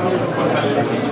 Gracias.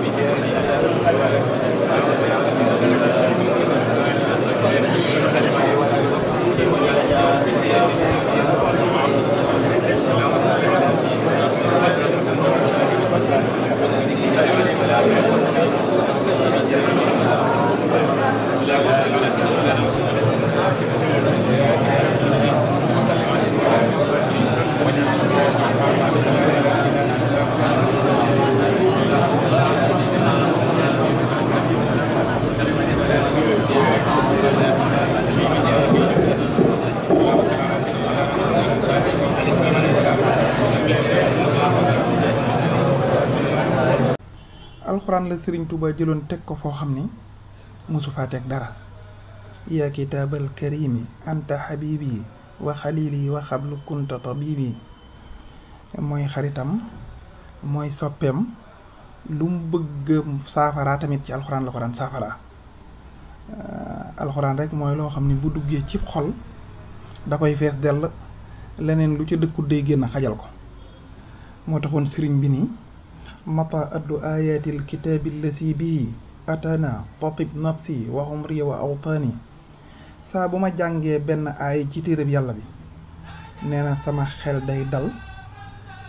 Sering touba tuba tek ko fo xamni musu Ia tek dara ya kitabal karim anta habibi wa khalili wa khabl kunta tabibi moy xaritam moy sopem lum bëgg safara tamit ci alxuraan la ko dan safara alxuraan rek moy lo xamni bu duggé ci xol da koy fess del lenen lu ci dëkkut xajal ko mo taxone serigne bi ni مطى الدعايات الكتاب الذي به أتانا تطب نفسي وعمري وأوطاني saa ما ma jàngee benn aay ci téereb yàlla bi nee na sama xel day dal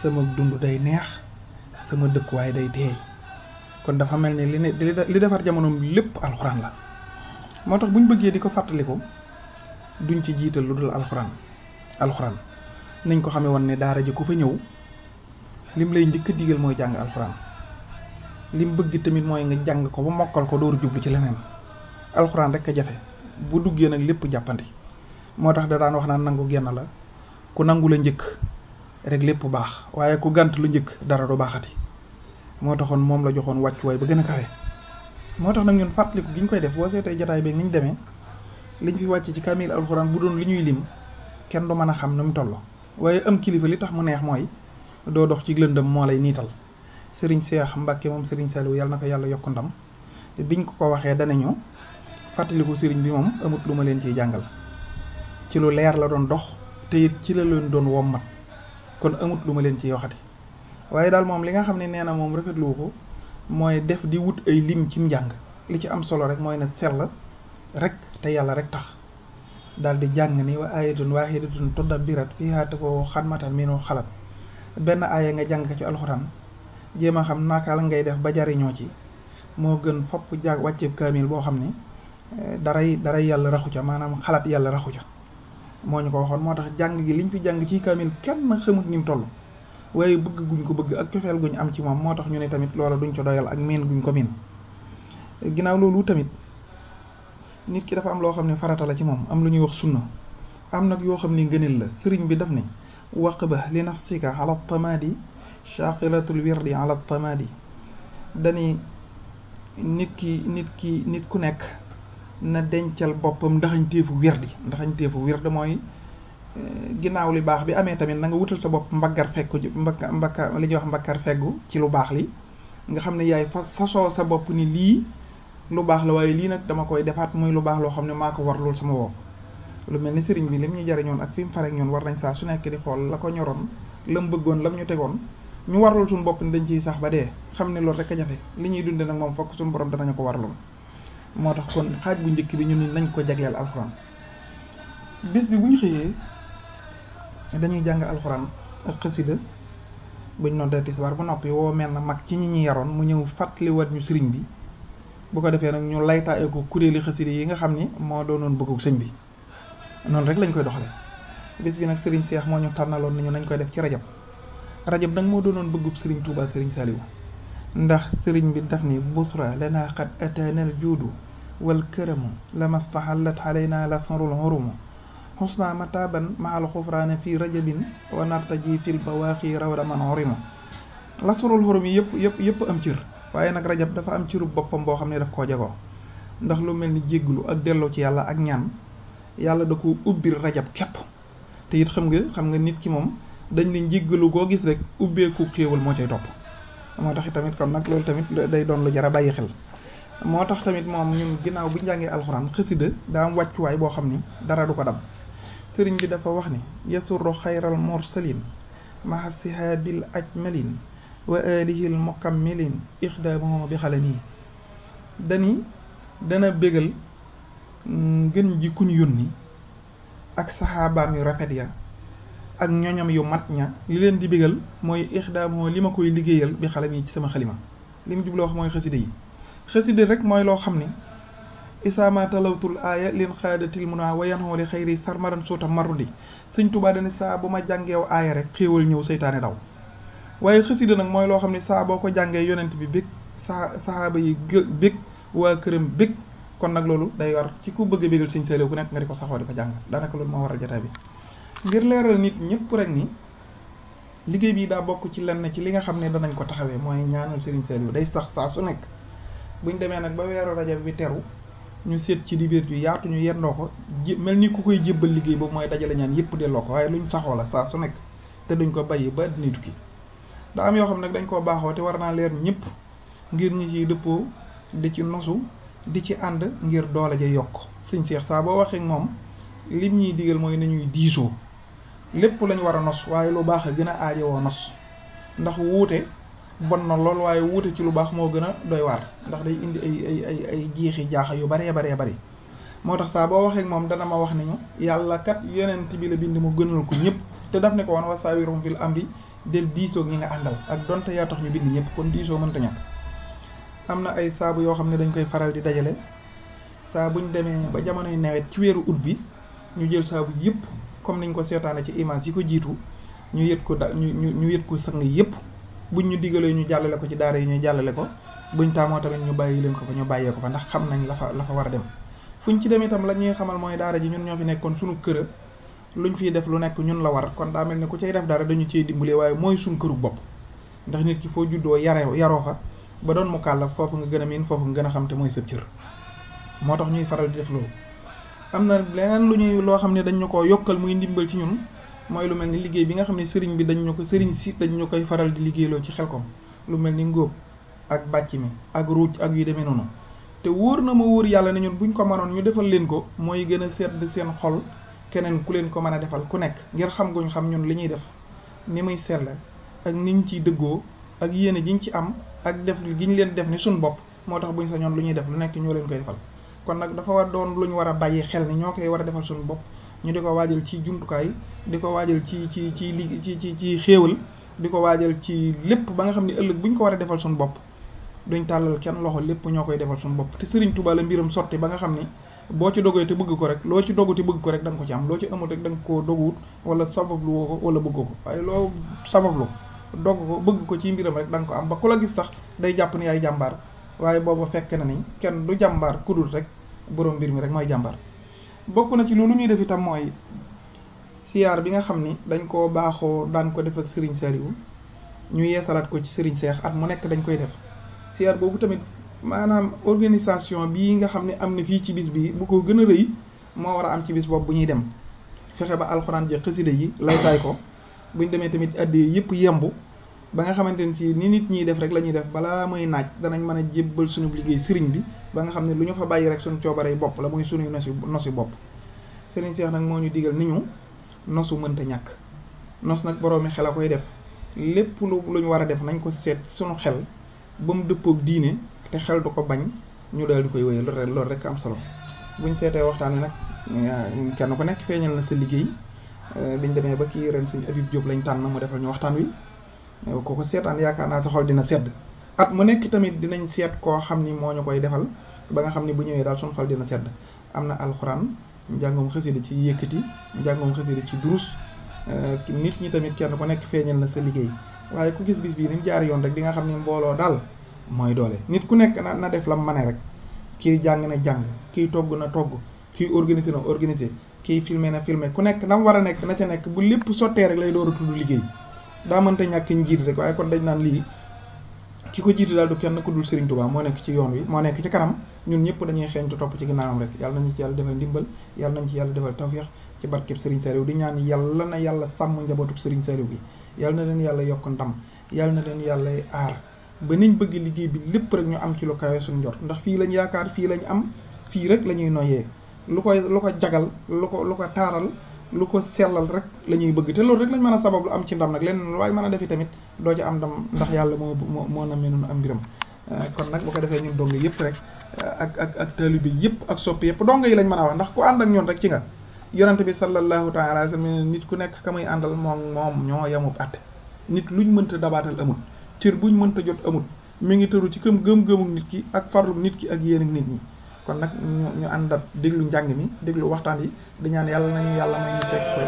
sama dund day neex داي day teey kon dafa mel ni li ne li defar jamonoom lépp alxuraan la moo tax bu ñu bëggee di ko fàttaliku duñ ci jiital lu dul alxuraan alxuraan nañ ko ne daara ji lim lay njëkk digal moy jang alquran lim bëgg tamit moy nga jang ko ba mokal ko dooru jublu ci leneen alquran rek ka jafe bu duggé nak lepp jappandi motax da daan wax naan nangu genn la ku nangu la njëkk rek lepp baax waye ku gant lu njëkk dara do baaxati moo taxoon moom la waccu way ba gëna kawé kawe moo tax nag ñun fàttaliku gi koy def jotaay bi niñ démé liñ fi wacc ci kamil alquran bu doon liñuy lim kenn du mëna xam num tollu waye am kilifa li tax mu neex moy do dox ci lëndëm mo lay nital sëriñ cheikh mbàkke mom sëriñ salou yalla naka yalla yàlla ndam te biñ ko ko waxee danañu fàttaliku sëriñ bi mom amut luma leen ciy jàngal ci lu leer la doon dox te ci la leen doon wommat kon amut luma ma leen dal waxati waaye dal mom li nga xam ne mom ko moy def di wut ay lim ci njang li ci am solo rek moy na sel rek te yalla rek tax dal di jang ni wa ayatun wahidatun tudabbirat fiha tafoo khatmatan minu khalat ben aya nga jang ci alquran jema xam naka la ngay def ba jariñoo ci mo gën fop jaag wacce kamil bo xamni eh, daray daray yàlla raxu ca manam xalat yalla raxu ca moñ ko waxon motax jang gi liñ fi jang ci kamil kenn xamut ni tollu toll bëgg guñ ko bëgg ak cofeel guñ am ci mom motax ñu ne tamit loolu duñ ci doyal ak guñ ko min ginaaw loolu tamit nit ki dafa am lo xamni farata la ci mom am lu ñuy wax sunna am nak yo xamni la sëriñ bi daf ne waqbah li nafsika ala tamadi shaqilatul wirdi ala tamadi dani nit ki nit ki nit ku nek na dencal boppam ndaxañteefu wirdi ndaxañteefu wird moy eh, ginaaw li bax bi amé tamit na nga wutul sa bopp mbaggar fekku mbaka mbaka li ñuy wax mbakar feggu ci lu bax li nga xam yaay fa sa bop ni li lu bax la waaye li nak dama koy defaat muy lu bax lo xam mako warlul sama bop lu melni serigne bi lim ñu ñoon ak fim faré ñoon war nañ sa su nekk di xol la ko ñoroon lam bëggoon lam ñu tégon ñu warlul suñu bop dañ ci sax ba dé xamni lool rek a jafe li ñuy dunde nak mom fokk suñu borom danañu ko warlu motax kon xaj bu njëkk bi ñun ni nañ ko jagleel alcorane bis bi bu xeyé dañuy jàng alcorane ak qasida buñ noonu dé tisbar bu nopi wo mel na mak ci ñi ñi yaron mu fatli wat ñu serigne bi bu ko defee nak ñu ko kuréeli xasside yi nga xamni mo doonon doonoon bëggug bi non rek lañ koy doxale bis bi nak Serigne Cheikh moñu ñu ni ñu nañ koy def ci rajab rajab nag moo doonoon bëggu Serigne Touba Serigne saliw ndax Serigne bi daf ni busra lana qad atana al wal karamu lama stahallat alayna lasrul hurum husna mataban mahal khufran fi rajabin wa nartaji fil bawaqi rawda man hurimu lasrul hurum yep yep yep am ciir waye nak rajab dafa am ciiru bopam bo xamne daf ko jago ndax lu melni ni ak delo ci yalla ak ñaan yàlla da ko ubbi rajab képp te it xam nga xam nga nit ki moom dañ ne njiggalu koo gis rek ubbeeku xéewal moo cay topp moo tax tamit kon nag loolu tamit day doon lu jar a bàyyi xel moo tax tamit moom ñun ginnaaw bu njàngee alxuraan xasida daa am wàccuwaay boo xam ni dara du ko dab sëriñ bi dafa wax ni yasurru xayral mursalin maha sihaabil ajmalin wa alihil mukammilin ixdaamuhu bi xale nii dani dana bégal ngeen ji kuñ yónni ak sahaba yu rafet ya ak ñoñam yu mat ña li leen di bigal mooy ixdaamoo li ma koy liggéeyal bi xalam yi ci sama xalima li mu jubloo wax mooy xaside yi xaside rek mooy loo xam ne ma talawtul aya lin xaadatil muna wayan li xayri sarmaran soota marudi sëñ tuba dani saa bu ma jàngeew aaya rek xéewal ñëw seytaane daw waaye xaside nag mooy loo xam ne saa boo ko jàngee yonent bi bég saa saxaaba yi bég waa këram bég kon nak loolu day war ci ku bëgg a señ ku nekk nga di ko diko di da naka daanaka mo moo waral jotaay bi ngir leeral nit ñepp rek ni liggéey bi da bokk ci lenn ci li nga xam da nañ ko taxawé moy ñaanal señ Saliou day sax sa su nekk buñ démé nak ba radio bi teru ñu sét ci dibéer ju yaatu ñu yendoo ko mel ni ku koy jébal liggéey bo moy dajala ñaan yëpp delloo ko waaye luñ saxo la sa su nekk té duñ ko bayyi ba àddina tukki daa am yo xam dañ ko baxo té war na leer ñepp ngir ñi ci dëppoo di ci nosu di ci ànd ngir doole ja yokk sëñ seex saa boo waxee moom lim ñuy digal mooy nañuy diisoo lépp lañ war a nos waaye lu baax a gën a aajowoo nos ndax wuute bon na lool waaye wuute ci lu baax moo gën a doy waar ndax day indi ay ay ay ay jiixi jaaxa yu baree bare bari moo tax saa boo waxee moom dana ma wax nañu ñu yàlla kat yonent bi la bind mu gënal ko ñëpp te daf ne ko saa wasaawirhum fil amri del diisoo ñi nga àndal ak donte yaa tax ñu bind ñëpp kon diisoo mënta ñàkk am na ay saabu yoo xam ne dañ koy faral di dajale saa buñ demee ba jamonoy nawet ci weeru ut bi ñu jël saabu yëpp comme niñ ko seetaane ci image yi ko jiitu ñu yët ko da ñu ñu yët ko sang yëpp buñ ñu digalee ñu jàllale ko ci daara yi ñu jàllale ko buñ taamoo tamit ñu bàyyi leen ko fa ñu bàyyee ko fa ndax xam nañ la fa la fa war a dem fuñ ci dem itam la ñuy xamal mooy daara ji ñun ñoo fi nekkoon suñu kër luñ fiy def lu nekk ñun la war kon daa mel ne ku cay def dara dañu cee dimbale waaye mooy suñ këru bopp ndax nit ki foo juddoo yaree yaroo fa ba doon mu kàllaf foofu nga gën a foofu nga gën xam te mooy sëb cër moo tax ñuy faral di def loo am na leneen lu ñuy loo xam ne dañ ñu koo yokkal muy ndimbal ci ñun mooy lu mel ni liggéey bi nga xam ne sëriñ bi dañ ñu ko sëriñ si dañ koy faral di liggéeyloo ci ko lu mel ni ngóob ak bàcc mi ak ruuj ak yu demee noonu te wóor na ma wóor yàlla ne ñun buñ ko mënoon ñu defal leen ko mooy gën a sedd seen xol keneen ku leen ko mën a defal ku nekk ngir xam ñu xam ñun li ñuy def ni muy seetle ak niñ ciy dëggoo ak yene jiñ ci am ak def giñ leen def ni sun bop motax buñ sañon luñuy def lu nekk ñoo leen koy defal kon nak dafa war doon luñ wara a xel ni ñoo koy wara defal sun bop ñu diko ko ci jumtukaay di ko ci ci ci ci ci ci xewul diko ko ci lepp ba nga xamni ëlëk buñ ko wara defal sun bop duñ talal kenn loxo lepp ñoo koy defal sun bop te Serigne Touba la mbiram sorti ba nga xamni bo ci te bëgg ko rek lo ci dogu te bëgg ko rek dang ko ci am lo ci amul rek dang ko wala sabablu lu wala bëgg ko sabablu dogg ko bëgg ko ci mbiram rek da nga ko am ba ku la gis sax day jàpp ni ay jàmbaar waaye booba fekk na ni kenn du jàmbaar ku rek borom mbir mi rek mooy jàmbar bokk na ci loolu ñuy def itam mooy siyaar bi nga xam ni dañ ko baaxoo daan ko def ak Serigne Saliou ñu yeesalaat ko ci Serigne Cheikh at mu nekk dañ koy def siyaar boobu tamit maanaam organisation bii nga xam ne am na fii ci bis bi bu ko gën a rëy moo war a am ci bis boobu bu ñuy dem fexe ba alxuraan ji xasida yi laytaay ko buñ démé tamit addi yépp yembu ba nga xamanteni ci ni nit ñi def rek la def bala muy naaj danañ mën a jébbal suñu liggéey sëriñ bi ba nga xamné luñu fa bayyi rek suñu coobaree bop la muy suñu nosi nosi bop sëriñ Cheikh nak moñu ñu digal nosu mënta ñak nos nak borom mi xela koy def lépp lu lu wara def nañ ko sét suñu xel ba mu dëppoog diine xel du ko bañ ñu daal di koy wéyal lool rek am solo buñ sété waxtaan nak ah, kenn ku nekk feñal na sa liggéey Eh, biñ démé ba ki ren suñu Habib Diop lañ tan mo defal ñu waxtan wi eh, kooku ko yaakaar xol dina at mu nekk tamit dinañ seet ko xamni mo ñu koy defal ba nga xamni bu ñëwé dal suñu xol dina sedd amna na jangum njàngoom xasida ci yëkëti jangum xasida ci durus eh, nit ñi tamit kenn ko nekk feñal na sa liggéey waaye ku gis bis bi ni jaar yoon rek di nga xamni mbolo dal moy doole nit ku nekk na def la mané rek ki jang na jang ki togg na togg kii organisé na organisé kii filmé na filmé ku nekk lam war a nekk na ca nekk bu lépp sottee rek lay door a tudd liggéey daa mënta ñàkk njiit rek waaye kon dañ naan lii ki ko jiite daal du kenn ku dul Serigne Touba moo nekk ci yoon wi moo nekk ci kanam ñun ñëpp dañuy xeeñtu topp ci ginnaawam rek yàlla nañu ci yàlla defal ndimbal yàlla nañu ci yàlla defal tawféex ci barkeb Serigne Saliou di ñaan yàlla na yàlla sàmm njabootub Serigne Saliou bi yàlla na leen yàlla yokk ndam yàlla na leen aar ba niñ bëgg liggéey bi lépp rek ñu am ci lu kawe suñu njort ndax fii lañ yaakaar fii lañ am fii rek la ñuy noyyee lu koy lu ko jagal lu ko lu ko taaral lu ko sellal rek la ñuy bëgg te loolu rek lañ mën a sabab lu am ci ndam nag leneen lu waaye mën a defi tamit doo ci am ndam ndax yàlla moo moo moo na mel noonu mbiram euh, kon nag bu ko defee ñun dong yëpp rek euh, ak ak ak taalibe yëpp ak sopp yëpp dong yi lañ mën a wax ndax ku ànd ak ñoon rek ci nga yonante bi sallallahu taala alayhi wa nit ku nekk ka muy àndal moom moom ñoo yamub àtte nit luñ mënta dabaatal amul cër buñ mënta jot amul mi ngi tëru ci këm gëm-gëmu nit ki ak farlu nit ki ak yéen ak nit ñi kon nag ñu ñu ànd ak njàng mi déglu waxtaan yi di ñaan yàlla nañu yàlla may ñu tekk koy